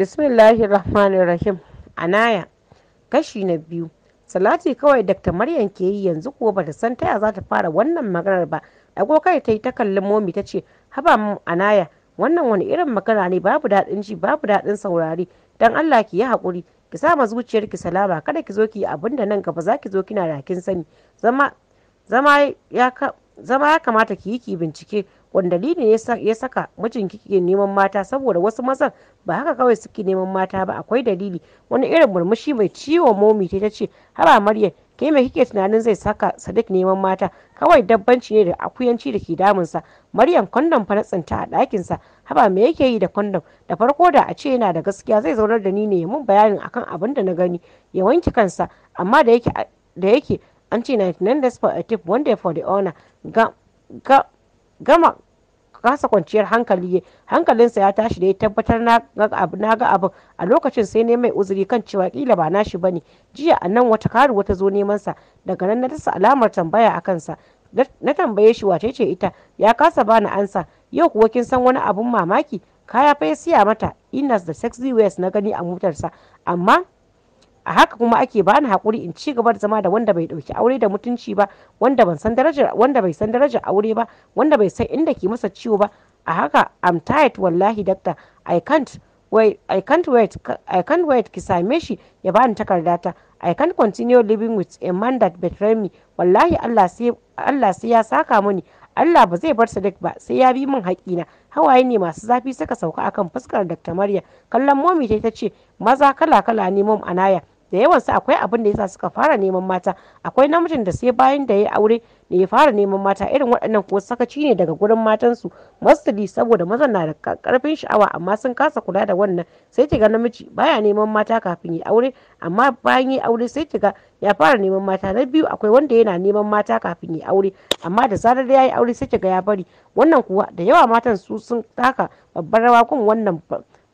bismillahi rahmanir rahim anaya kashi na biyu salati kawai dr maryam ke yi yanzu ko bata san taya za ta fara wannan maganar ba dago kai ta yi ta kallon momi ta ce haba mu anaya wannan wani irin magana ne babu daɗin ji babu daɗin saurari dan allah ki yi haƙuri ki sa ma zuciyarki salama kada ki zo ki yi abin da nan gaba za ki zo kina da kin sani zama zama ya kamata ki yi ki bincike wanda dalili ya saka mijin kike neman mata saboda wasu mazan ba haka kawai suke neman mata ba akwai dalili wani irin murmushi mai ciwo momi ta ce haba maryam ke mai kike tunanin zai saka sadiq neman mata kawai dabbanci ne da akuyanci da ke damunsa maryam kondom fa na tsinta a ɗakinsa haba me yake yi da kondom da farko da a ce yana da gaskiya zai zaunar da ni ne mun bayanin akan abin da na gani ya wanke kansa amma da yake da yake an ce 99 for a tip one day for the owner ga ga gama kasa kwanciyar hankali hankalinsa ya tashi da ya tabbatar na ga abin a lokacin sai ne mai uzuri kan cewa kila ba nashi ne jiya a nan wata karuwa ta zo neman sa daga nan na tasa alamar tambaya a kansa na tambaye shi wace ce ita ya kasa bani ansa yau kuwa kin san wani abun mamaki kaya fa ya siya mata inas da sexy west na gani a motarsa amma a haka kuma ake bani hakuri in ci gaba da zama da wanda bai ɗauki aure da mutunci ba wanda ban san darajar wanda bai san darajar aure ba wanda bai san inda ke masa ciwo ba a haka I'm tired wallahi doctor I can't wait I can't wait I can't wait ki same shi ya bani takardata I can't continue living with a man that betray me wallahi Allah sai Allah sai ya saka mani Allah ba zai bar Sadiq ba sai ya bi min na hawaye ne masu zafi suka sauka akan fuskar Dr. Maryam kallon momi ta ce maza kala kala ne mom anaya da yawansu akwai abin da yasa suka fara neman mata akwai namijin da sai bayan da ya aure ne ya fara neman mata irin waɗannan kuwa sakaci ne daga gurin matansu masali saboda mazan na da karfin sha'awa amma sun kasa kula da wannan sai kiga namiji baya neman mata kafin ya aure amma bayan ya aure sai kiga ya fara neman mata na biyu akwai wanda yana neman mata kafin ya aure amma da zarar ya yi aure sai kiga ya bari wannan kuwa da yawa matan su sun taka babbar rawa kun wannan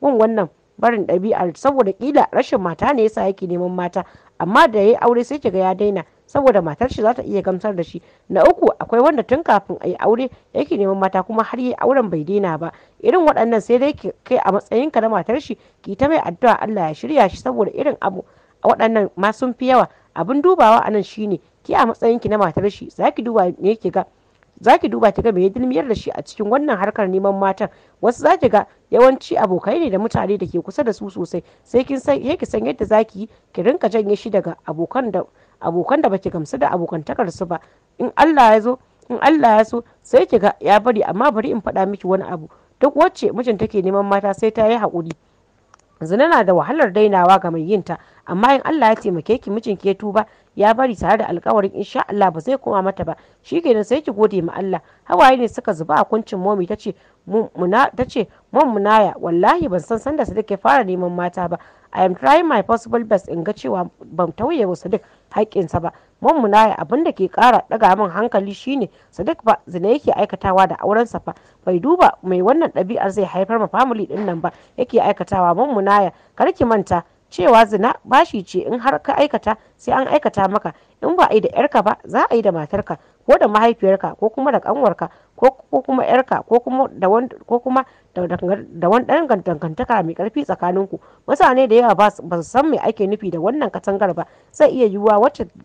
wannan barin ɗabi'ar saboda kila rashin mata ne yasa yake neman mata amma da ya yi aure sai kiga ya daina saboda matar shi za ta iya gamsar da shi na uku akwai wanda tun kafin a yi aure yake neman mata kuma har yi auren bai daina ba irin waɗannan sai dai kai a matsayin ka na matar shi ki ta mai addu'a Allah ya shirya shi saboda irin abu waɗannan ma sun fi yawa abin dubawa a nan shine ki a matsayin ki na matar shi za duba ne ki ga za ki duba ki ga mai ya dilmiyar da shi a cikin wannan harkar neman matan wasu za ki ga yawanci abokai ne da mutane da ke kusa da su sosai sai kin san ki san yadda za ki yi ki rinka janye shi daga abokan da abokan da baki gamsu da abokantakar su ba in Allah ya zo in Allah ya so sai ki ga ya bari amma bari in faɗa miki wani abu duk wacce mijin take neman mata sai ta yi haƙuri zina na da wahalar dainawa ga mai yinta amma in Allah ya taimake ki mijinki ya tuba ya bari tare da alkawarin insha Allah ba zai koma mata ba shi kenan sai ki gode ma Allah hawaye ne suka zuba a kuncin momi tace muna tace mun munaya wallahi ban san sanda Sadiq ya fara neman mata ba I am trying my possible best in ga cewa ban tauye wa Sadiq haƙƙinsa ba mun munaya abin da ke ƙara daga min hankali shine Sadiq ba zina yake aikatawa da aurensa fa bai duba mai wannan ɗabi'ar zai haifar ma family din nan ba yake aikatawa mun munaya kar ki manta cewa zina bashi ce in har ka aikata sai an aikata maka in ba a yi da yarka ba za a yi da matarka ko da mahaifiyarka ko kuma da kanwarka ko kuma yarka ko kuma da wani ɗan dangantaka mai karfi tsakaninku mutane da yawa ba su san mai ake nufi da wannan katangar ba zai iya yiwuwa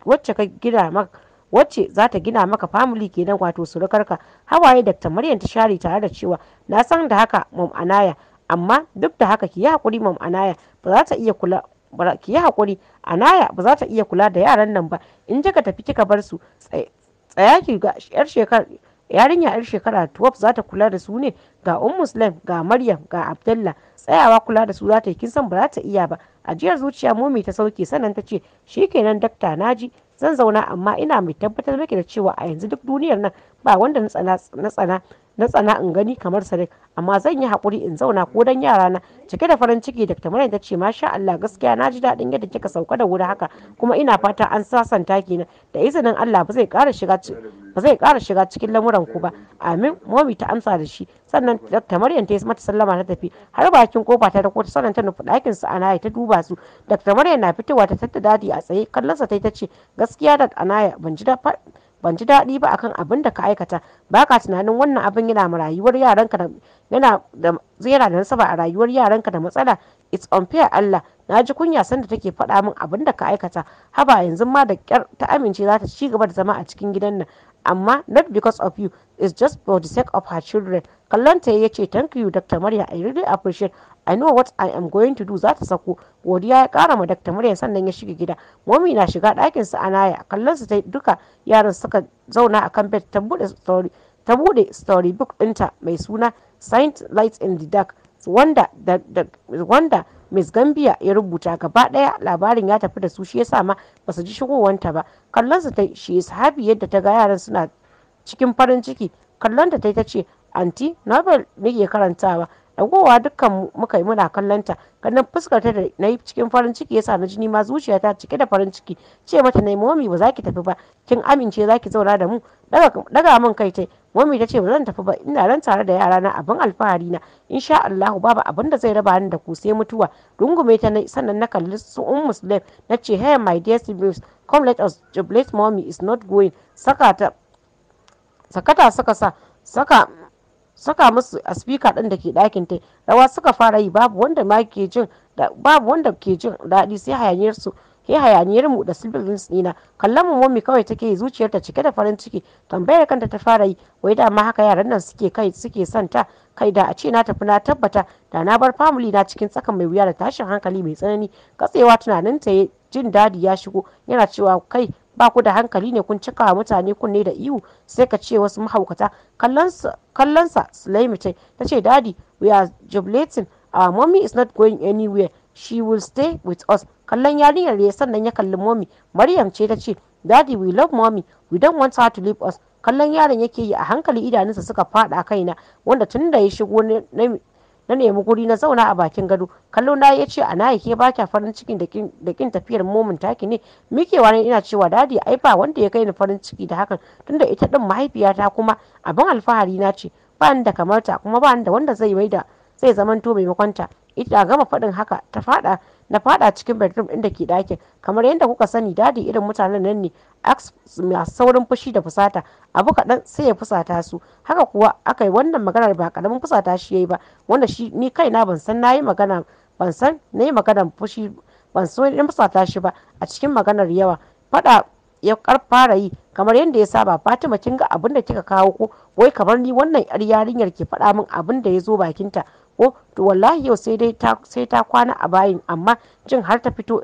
wacce ka gina maka wacce za ta gina maka famili kenan wato surukarka hawaye dr maryam ta share tare da cewa na san da haka mom anaya amma duk da haka ki yi hakuri mam anaya ba za ta iya kula ki yi hakuri anaya ba za ta iya kula da yaran nan ba in kika tafi kika bar su tsaya ki ga yar shekara yarinya yar shekara 12 za ta kula da su ne ga um muslim ga maryam ga abdullah tsayawa kula da su za ta yi kin san ba za ta iya ba ajiyar zuciya momi ta sauke sannan ta ce kenan dakta naji zan zauna amma ina mai tabbatar maki da cewa a yanzu duk duniyar nan ba wanda na tsana na tsana in gani kamar sadiq amma zan yi haƙuri in zauna ko dan yarana cike da farin ciki dr maryam ta ce masha allah gaskiya na ji daɗin yadda kika sauka da wuri haka kuma ina fata an sasanta kenan da izinin allah ba zai ƙara shiga ba zai ƙara shiga cikin lamuran ku ba amin momi ta amsa da shi sannan dr maryam ta yi mata sallama ta tafi har bakin kofa ta rako sannan ta nufi ɗakin su anaya ta duba su dr maryam na fitowa ta tattada dadi a tsaye sa ta yi ta ce gaskiya da anaya ban ji ban ji daɗi ba akan abin da ka aikata ba ka tunanin wannan abin yana ma rayuwar yaranka da yana da zera da nasaba a rayuwar yaranka da matsala it's unfair Allah na ji kunya sanda take faɗa min abin da ka aikata haba yanzu ma da kyar ta amince za ta ci gaba da zama a cikin gidan nan amma not because of you it's just for the sake of her children kallon ta yace thank you Dr. Maria I really appreciate I know what I am going to do za ta sako godiya ya kara ma dakta murya sannan ya shiga gida momi na shiga ɗakin sa anaya kallon su duka yaran suka zauna a kan bed ta bude story ta bude storybook ɗinta mai suna Saint Light in the Dark wanda da, da, wanda Miss Gambia ya rubuta gaba daya labarin ya tafi da su shi yasa ma ba su ji shigowanta ba kallon su ta shi happy yadda ta ga yaran suna cikin farin ciki kallon ta ta ce anti novel nake karantawa ragowa dukkan muka yi muna kallon ta ganin fuskar ta da na yi cikin farin ciki yasa na jini ma zuciya ta cike da farin ciki ce mata na momi ba za ki tafi ba kin amince za ki zauna da mu daga min kai tai momi ta ce ba zan tafi ba ina ran tare da yara na abin alfahari na insha Allah babu abin da zai raba ni da ku sai mutuwa rungume ta sannan na kalli su um muslim na ce hey my dear siblings come let us jubilate mommy is not going saka ta ta saka sa saka saka musu a spika ɗin da ke dakin ta rawa suka fara yi babu wanda ma ke jin babu wanda ke jin daɗi sai hayaniyar su ke hayaniyar mu da silbilins ɗina kallon mu momi kawai take yi zuciyarta cike da farin ciki tambayar kanta ta fara yi wai dama haka yaran nan suke kai suke son ta kai da a ce na tafi na tabbata da na bar family na cikin tsakan mai wuya da tashin hankali mai tsanani katsewa tunanin ta jin dadi ya shigo yana cewa kai ba ku da hankali ne kun cika mutane kunne da ihu sai ka ce wasu mahaukata kallonsa sulaimi ce ta ce dadi we are jubilating our mommy is not going anywhere she will stay with us kallon yarinyar ya sannan ya kalli mommy maryam ce ta ce dadi we love mommy we don't want her to leave us kallon yaron yake yi a hankali idanunsa suka fada kaina wanda tun da ya shigo na nemi guri na zauna a bakin gado kallo na ya ce a na yake ba kya farin cikin da kin tafiyar momin taki ne mikewa ne ina cewa dadi ai ba wanda ya kai ni farin ciki da hakan tunda ita din mahaifiyata kuma abin alfahari na ce ba ni da kamarta kuma ba ni da wanda zai maida zai zamanto maimakonta ita gama faɗin haka ta faɗa na fada cikin bedroom din da ke ɗakin kamar yadda kuka sani dadi irin mutanen nan ne masu saurin fushi da fusata abu kaɗan sai ya fusata su haka kuwa aka yi wannan maganar ba karamin fusata shi yi ba wanda shi ni kaina ban san nayi magana ban san nayi maganar fushi ban so in fusata shi ba a cikin maganar yawa fada ya karfara yi kamar yadda ya saba fatima kin ga abin da kika kawo ko wai kamar ni wannan yar yarinyar ke faɗa min abin da ya zo bakinta ko to wallahi yau sai dai sai ta kwana a bayin amma jin har ta fito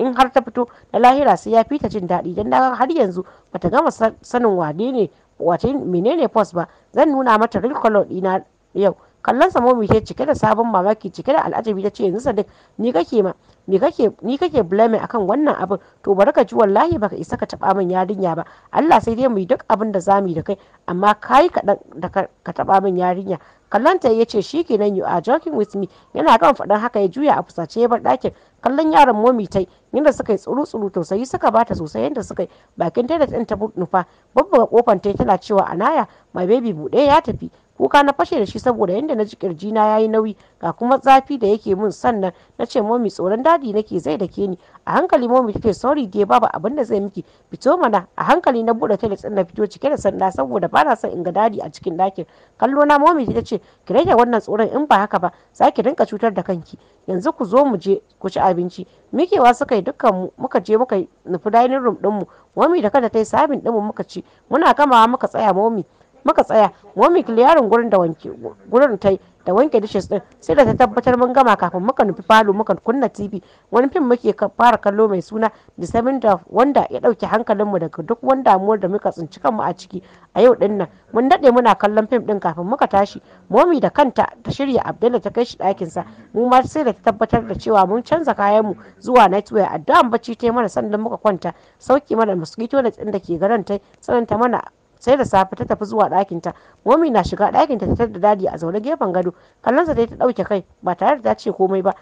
in har ta fito na lahira sai ya fita jin daɗi don daga har yanzu bata gama sanin wane ne wace menene post ba zan nuna mata real color ɗina yau kallon sa momi ta cike da sabon mamaki cike da al'ajabi ta ce yanzu sadiq ni kake ma ni kake ni kake blame akan wannan abin to bari ka ji wallahi baka isa ka taba min yarinya ba Allah sai dai mu duk abin da zamu yi da kai amma kai ka da ka taba min yarinya kallon ta ya ce shi shikenan you are joking with me yana kan faɗan haka ya juya a fusace ya bar ɗakin kallon yaron momi tai yadda suka yi tsuru tsuru tausayi suka bata sosai yadda suka yi bakin ta da ta nufa babbaga kofan ta tana cewa anaya my baby bude ya tafi kuka na fashe da shi saboda yadda na ji kirjina ya yi nauyi ga kuma zafi da yake mun sannan na ce momi tsoron dadi nake zai da ke ni a hankali momi ta ce sorry dai babu abin da zai miki fito mana a hankali na bude din na fito cike da sanda saboda ba na son in ga dadi a cikin dakin kallo na momi ta ce ki rage wannan tsoron in ba haka ba za ki rinka cutar da kanki yanzu ku zo mu je ku ci abinci mikewa suka yi dukkan mu muka je muka nufi dining room mu momi da kada ta yi sabin mu muka ci muna kamawa muka tsaya momi muka tsaya momi kiliyarin gurin da wanke gurin ta da wanke dishes din sai da ta tabbatar mun gama kafin muka nufi falo muka kunna tv wani fim muke fara kallo mai suna the seven dwarf wanda ya dauke hankalinmu daga duk wanda damuwar da muka tsinci kanmu a ciki a yau din nan mun dade muna kallon fim din kafin muka tashi momi da kanta ta shirya abdullahi ta kai shi ɗakin sa mu ma sai da ta tabbatar da cewa mun canza kayan mu zuwa nightwear addu'an bacci ta mana sannan muka kwanta sauki mana mosquito net tsin da ke garan ta mana sai da safe ta tafi zuwa ɗakinta momi na shiga ɗakinta ta da dadi a zaune gefen gado kallonsa dai ta ɗauke kai ba tare da ta ce komai ba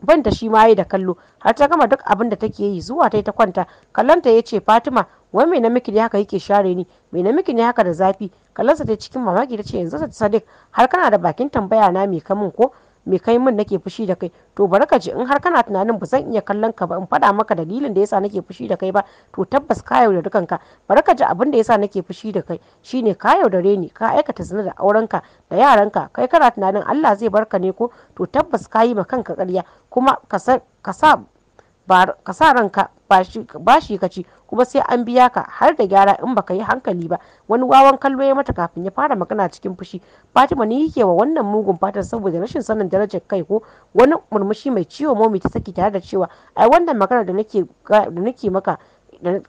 ban da shi ma yi da kallo har ta gama duk abin da take yi zuwa ta ta kwanta kallonta ya ce fatima wai mai namiki ne haka yake share ni mai namiki ne haka da zafi kallonsa ta cikin mamaki ta ce yanzu sadiq har kana da bakin tambaya na mai kamun ko me kai min nake fushi da kai to bari ji in har kana tunanin ba zan iya kallon ka ba in faɗa maka dalilin da yasa nake fushi da kai ba to tabbas ka yaudari kanka bari ka ji abin da yasa nake fushi da kai shine ka yaudare ni ka aikata zina da aurenka da yaranka kai kana tunanin Allah zai barka ne ko to tabbas ka yi ma kanka ƙarya kuma ka sa ka sa ranka bashi ka ci kuma sai an biya ka har da gyara in baka yi hankali ba wani wawan kallo ya mata kafin ya fara magana cikin fushi fatima ni yake wa wannan mugun fatan saboda rashin sanin darajar kai ko wani murmushi mai ciwo momi ta saki tare da cewa ai wannan magana da nake maka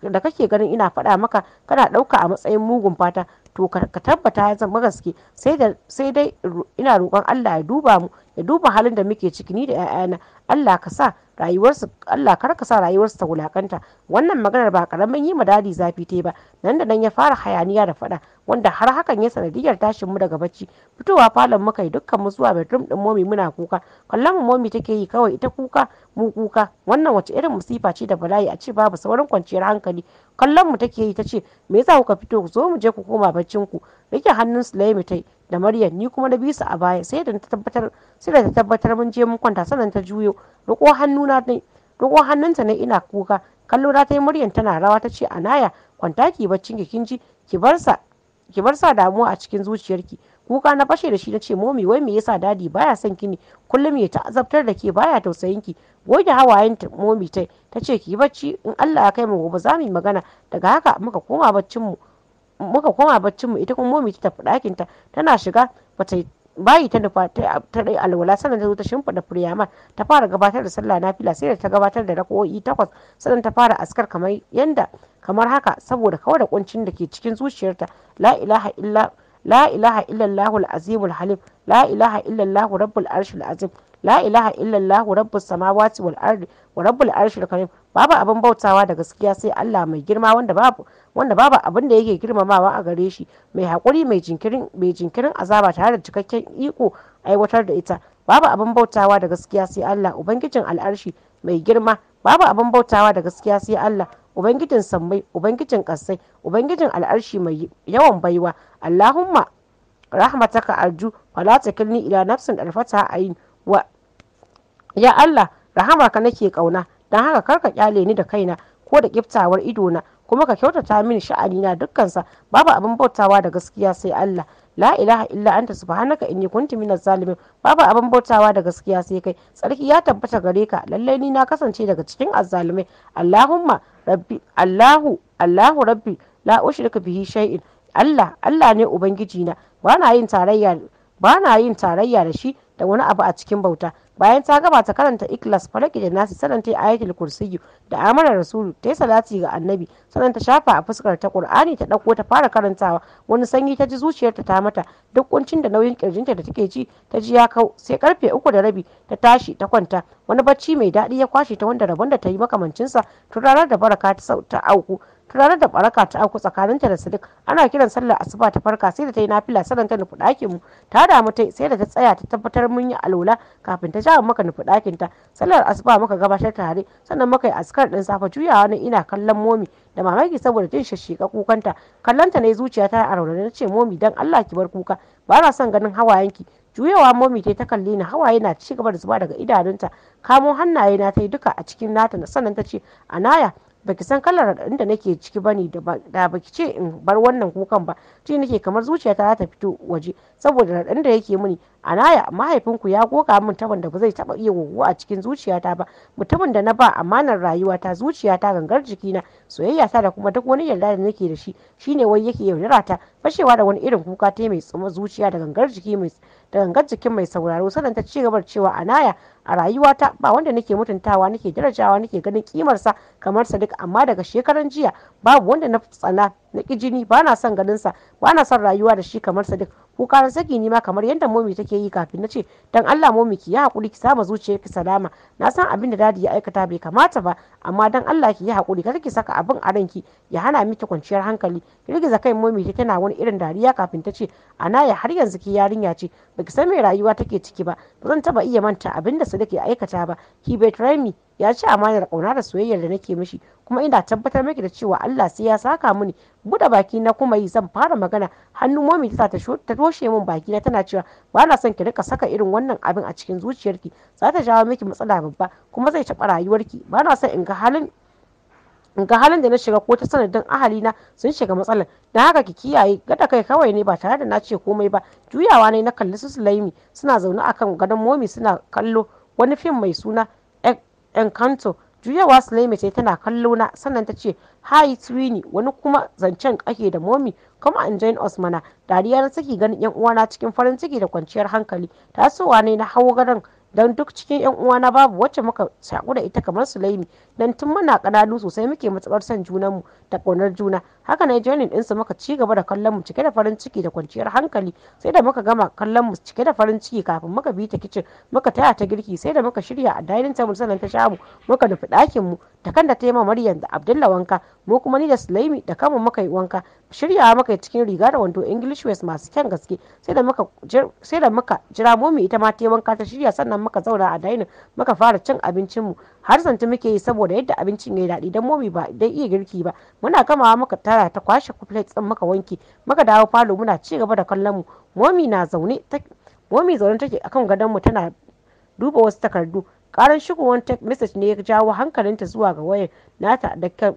da kake ganin ina faɗa maka kana ɗauka a matsayin mugun fata to ka tabbata ya zama gaske sai dai ina roƙon Allah ya duba mu ya duba halin da muke ciki ni da 'ya'yana Allah ka sa rayuwarsu Allah kar ka sa rayuwarsu ta wulakanta wannan maganar ba karamin yi ma dadi zafi te ba nan da nan ya fara hayaniya da faɗa wanda har hakan ya sanadiyar tashin mu daga bacci fitowa falon muka yi dukkan mu zuwa bedroom din momi muna kuka kallon mu momi take yi kawai ita kuka mu kuka wannan wace irin musifa ce da bala'i a ce babu sauran kwanciyar hankali kallon mu take yi ta ce me yasa kuka fito zo mu je ku koma baccin ku rike hannun sulaimi tai da maryam ni kuma na bisa a baya sai da ta tabbatar sai da ta tabbatar mun je mun kwanta sannan ta juyo riko hannuna ne riko hannunta ne ina kuka kallo na ta yi maryam tana rawa ta ce anaya kwanta ki baccin ki kinji ki bar sa ki bar sa damuwa a cikin zuciyarki kuka na fashe da shi na ce momi wai me yasa dadi baya son ki ne kullum ya ta azabtar da ke baya tausayin ki goge hawayen momi tai ta ce ki bacci in Allah ya kai mu gobe za mu yi magana daga haka muka koma baccin mu muka koma baccin mu ita kuma momi ta tafi ɗakin ta tana shiga bata bayi ta nufa ta dai alwala sannan ta zo ta shimfida firiyama ta fara gabatar da sallah nafila sai da ta gabatar da rakoi takwas sannan ta fara askar kamar yanda kamar haka saboda kawai da kuncin da ke cikin zuciyarta la ilaha illa la ilaha illallahul azimul halim la ilaha illallahu rabbul arshil azim la ilaha illallahu rabbus samawati wal ardi wa rabbul arshil karim babu abin bautawa da gaskiya sai Allah mai girma wanda babu wanda babu abin da yake girmamawa a gare shi mai hakuri mai jinkirin mai jinkirin azaba tare da cikakken iko aiwatar da ita babu abin bautawa da gaskiya sai Allah ubangijin al'arshi mai girma babu abin bautawa da gaskiya sai Allah ubangijin sammai ubangijin kasai ubangijin al'arshi mai yawan baiwa Allahumma rahmataka arju fala takilni ila nafsin alfata ayin wa ya Allah rahama ka nake kauna don haka kar ka kyale ni da kaina ko da kiftawar idona kuma ka kyautata mini sha'ani na dukkansa babu abin bautawa da gaskiya sai Allah la ilaha illa anta subhanaka inni kuntu minaz zalimin babu abin bautawa da gaskiya sai kai sarki ya tabbata gare ka lalle ni na kasance daga cikin azzalimai Allahumma rabbi Allahu Allahu rabbi la ushriku bihi shay'in Allah Allah ne ubangiji na ba na yin tarayya ba na yin tarayya da shi da wani abu a cikin bauta bayan ta gaba ta karanta ikhlas falaki da nasi sanan ta ayatul kursiyu da amara rasulu ta yi salati ga annabi sanan ta shafa a fuskar ta kur'ani ta dauko ta fara karantawa wani sanyi ta ji zuciyarta ta mata duk kuncin da nauyin kirjinta da take ji ta ji ya kau sai karfe uku da rabi ta tashi ta kwanta wani bacci mai daɗi ya kwashe ta wanda rabon da ta yi makamancinsa tun ranar da baraka ta auku ranar da baraka ta auku tsakaninta da sadiq ana kiran sallar asuba ta farka sai da ta yi nafila sannan ta nufi ɗakin mu ta damu ta sai da ta tsaya ta tabbatar mun yi alola kafin ta jawo maka nufi ɗakin ta sallar asuba muka gabatar tare sannan muka yi askar ɗin safa juyawa ne ina kallon momi da mamaki saboda jin shashika kukanta kallonta ne zuciya ta a raunana ce momi dan Allah ki bar kuka ba na son ganin hawayenki juyawa momi ta ta kalli ni hawaye na ci gaba da zuba daga idanunta kamo hannaye na ta yi duka a cikin nata sannan ta ce anaya baki san kalar inda nake ciki bane da baki ce in bar wannan kukan ba ji nake kamar zuciyata ta fito waje saboda raɗin da yake mini anaya mahaifinku ya koka min taban da ba zai taba iya guguwa a cikin zuciyata ba mutumin da na ba amanar rayuwata zuciyata gangar jikina soyayya ta da kuma duk wani yarda da nake da shi shine wai yake yaudara ta fashewa da wani irin kuka ta mai tsuma zuciya da gangar jiki mai da gangar jikin mai sauraro sannan ta ci gaba cewa anaya a rayuwata ba wanda nake mutuntawa nake darajawa nake ganin kimarsa kamar sadiq amma daga shekaran jiya babu wanda na tsana na ki jini ba na son sa ba na son rayuwa da shi kamar sadiq kukaran saki ni ma kamar yadda momi take yi kafin na ce dan Allah momi ki yi hakuri ki samu zuciyar ki salama na san abin da dadi ya aikata bai kamata ba amma dan Allah ki yi hakuri kar ki saka abin a ranki ya hana miki kwanciyar hankali girgiza kai momi ta tana wani irin dariya kafin ta ce ana ya har yanzu ki yarinya ce baki san me rayuwa take ciki ba ba zan taba iya manta abin da da ke aikata ba he betray me ya ci amanar kauna da soyayyar da nake mishi kuma ina tabbatar miki da cewa Allah sai ya saka mini buɗe baki na kuma yi zan fara magana hannu momi ta ta toshe min baki na tana cewa ba na son ki rika saka irin wannan abin a cikin zuciyarki za ta jawo miki matsala babba kuma zai taɓa rayuwarki ba na son in ga halin ga halin da na shiga ko ta sanadin ahali na sun shiga matsalar da haka ki kiyaye gada kai kawai ne ba tare da na ce komai ba juyawa ne na kalli su sulaimi suna zaune akan gadon momi suna kallo wani fim mai suna encanto juyawa sulaimi ce tana kallo na sannan ta ce hi twini wani kuma zancen ake da momi kuma an join us dariya na saki ganin yan uwana cikin farin ciki da kwanciyar hankali tasowa ne na hawo gadon don duk cikin yan uwana babu wacce muka shaku da ita kamar sulaimi don tun muna kananu sosai muke matsalar son mu da ƙaunar juna haka ne joinin ɗinsu muka ci gaba da kallon mu cike da farin ciki da kwanciyar hankali sai da muka gama kallon mu cike da farin ciki kafin muka bi ta kicin muka taya ta girki sai da muka shirya a dining table sannan ta shamu muka nufi ɗakin mu ta kan da ta yi ma maryam da abdulla wanka mu kuma ni da sulaimi da kanmu muka yi wanka shiryawa muka yi cikin riga da wando english west masu kyan gaske sai da muka jira momi ita ma ta yi wanka ta shirya sannan muka zauna a dainin muka fara cin abincin mu har zanta muke yi saboda yadda abincin yi daɗi dan momi ba dai iya girki ba muna kamawa muka tara ta kwashe plates din muka wanke muka dawo falo muna ci gaba da kallon mu momi na zaune momi zaune take akan gadon mu tana duba wasu takardu karan shigowar text message ne ya jawo hankalinta zuwa ga wayar nata da ke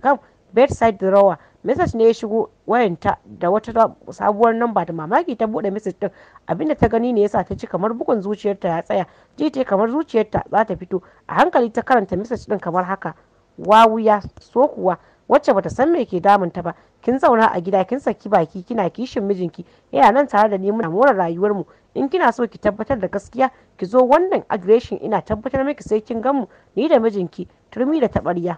kan bedside drawer message ne ya shigo wayanta da wata sabuwar namba da mamaki ta bude message din abinda ta gani ne yasa ta ci kamar bugun zuciyarta ya tsaya ji ta kamar zuciyarta za ta fito a hankali ta karanta message din kamar haka wawuya so kuwa wacce bata san me ke damunta ba kin zauna a gida kin saki baki kina kishin mijinki yana eh, nan tare da ni muna more rayuwar mu in kina so ki tabbatar da gaskiya ki zo wannan aggression ina tabbatar miki sai kin gamu ni da mijinki turmi da taɓarya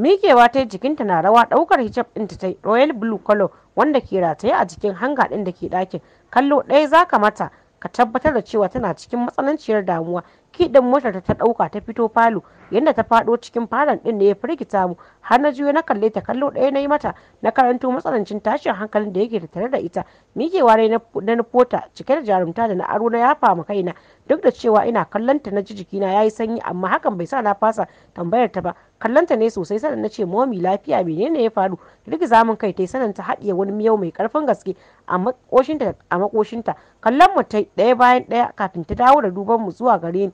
mikewa ta yi jikinta na rawa ɗaukar hijab ɗinta ta yi royal blue color wanda ke rataye a jikin hanga ɗin da ke ɗakin kallo ɗaya za ka mata ka tabbatar da cewa tana cikin matsananciyar damuwa kiɗin motar ta ɗauka ta fito falo yadda ta faɗo cikin falon ɗin da ya firgita mu har na juya na kalle ta kallo ɗaya na yi mata na karanto matsanancin tashin hankalin da yake tattare da ita mikewa ne na nufota cike da jarumta da na aro na yafa ma kaina duk da cewa ina kallonta na ji jikina ya yi sanyi amma hakan bai sa na fasa tambayar ta ba kallonta ne sosai sanan na ce momi lafiya menene ya faru rike min kai ta sanan ta haɗiye wani miyau mai karfin gaske a makoshinta a makoshinta kallon mu ta ɗaya bayan ɗaya kafin ta dawo da duban mu zuwa gare ni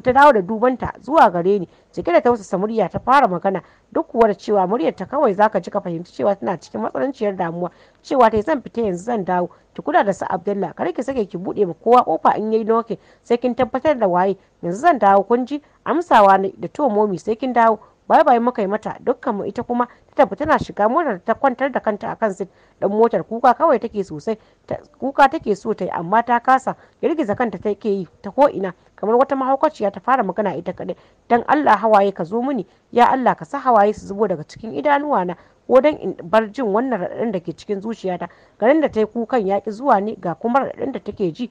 ta dawo da dubanta zuwa gare ni cike da tausasa murya ta fara magana duk kuwa da cewa muryar ta kawai zaka ji ka fahimci cewa tana cikin matsananciyar damuwa cewa ta zan fita yanzu zan dawo ki kula da su abdullah kar ki sake ki bude ma kowa kofa in yayi noke sai kin tabbatar da waye yanzu zan dawo kun ji amsawa da tomomi sai kin dawo bai bai muka yi mata dukkan mu ita kuma ta tafi tana shiga motar ta kwantar da kanta akan sit dan motar kuka kawai take sosai kuka take so ta yi amma ta kasa girgiza kanta take yi ta ko ina kamar wata mahaukaciya ta fara magana ita kadai dan Allah hawaye ka zo muni ya Allah ka sa hawaye su zubo daga cikin idanuwa na ko dan in bar jin wannan raɗaɗin da ke cikin zuciyata garin da ta yi kukan yaƙi zuwa ne ga kuma raɗaɗin da take ji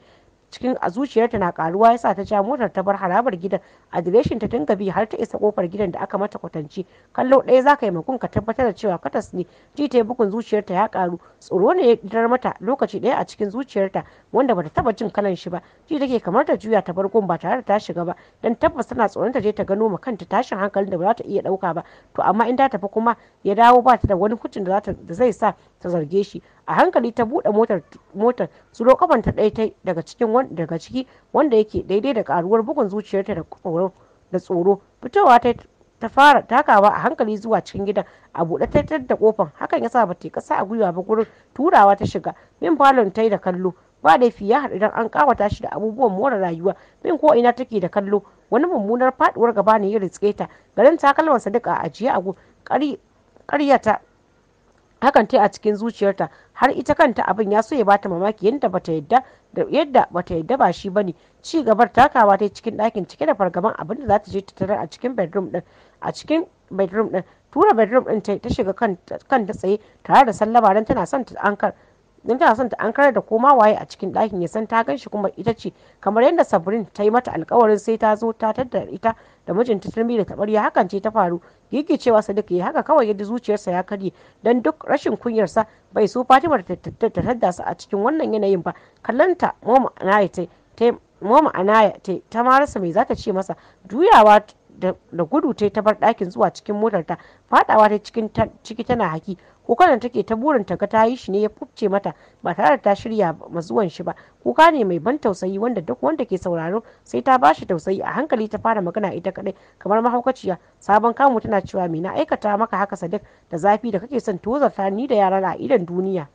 cikin a zuciyarta na karuwa yasa ta ja motar ta bar harabar gidan adireshin ta dinga bi har ta isa kofar gidan da aka mata kwatanci kallo ɗaya za ka yi makon ka tabbatar da cewa katas ne ji ta bugun zuciyarta ya karu tsoro ne ya dar mata lokaci ɗaya a cikin zuciyarta wanda bata taba jin kalan shi ba ji take kamar ta juya ta bar ba tare da ta shiga ba dan tabbas tana tsoron ta je ta gano ma kanta tashin hankalin da ba za ta iya ɗauka ba to amma in ta tafi kuma ya dawo ba ta da wani hucin da zai sa ta zarge shi a hankali ta buɗe motar su kafanta daya ta ɗaya daga cikin daga ciki wanda yake daidai da karuwar bugun zuciyarta da tsoro da tsoro fitowa ta ta fara takawa a hankali zuwa cikin gidan a buɗe ta da kofan hakan yasa ba ta kasa a gwiwa ba gurin turawa ta shiga min falon ta da kallo ba laifi ya haɗu idan an kawata shi da abubuwan more rayuwa min ko ina take da kallo wani mummunar faduwar gaba ne ya ritsketa garin takalmansa duka a ajiye a ƙaryata hakan ta a cikin zuciyarta har ita kanta abin ya so ya bata mamaki yadda bata yadda da yadda bata yadda ba shi bane ci gabar takawa ta cikin ɗakin cike da fargaban abin da za ta je ta tarar a cikin bedroom din a cikin bedroom din tura bedroom din ta shiga kan ta tsaye tare da sallama don tana son ta ankar don tana son ta karar da koma waye a cikin ɗakin ya san ta gan shi kuma ita ce kamar yadda sabrin ta yi mata alkawarin sai ta zo ta tattara ita da mijinta turmi da ya hakan ce ta faru gigicewa cewa duka ya haka kawai yadda zuciyarsa ya karye don duk rashin kunyarsa bai so fatima ta tattara su a cikin wannan yanayin ba kallanta moma anaya ta moma anaya ta marasa mai zata ce masa juyawa da gudu ta ta bar ɗakin zuwa cikin motarta fadawa ta cikin ciki tana haki kuka da take ta burin ta ga ta yi shi ne ya fufce mata ba tare da ta shirya zuwan shi ba kuka ne mai ban tausayi wanda duk wanda ke sauraro sai ta bashi tausayi a hankali ta fara magana ita kadai kamar mahaukaciya sabon kamu tana cewa me na aikata maka haka sadik da zafi da kake son tozarta ni da yaran a idan duniya